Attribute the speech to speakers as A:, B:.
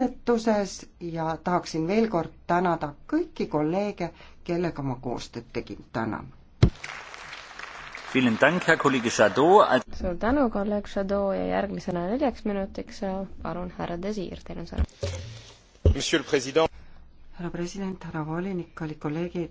A: hääletuses ja tahaksin veel kord tänada kõiki kolleege, kellega ma
B: koostööd tegin, tänan. suur
C: tänu, kolleeg Šadoo ja järgmisena neljaks minutiks äh, palun härra Desir, teil on sõna.
D: härra president, härra volinik, kallid kolleegid.